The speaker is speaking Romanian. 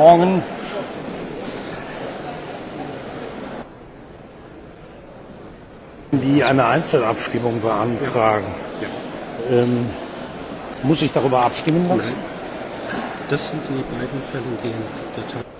Kongen. Die eine Einzelabstimmung beantragen. Ja. Ähm, muss ich darüber abstimmen lassen? Nein. Das sind die beiden Fälle, die in der Tat.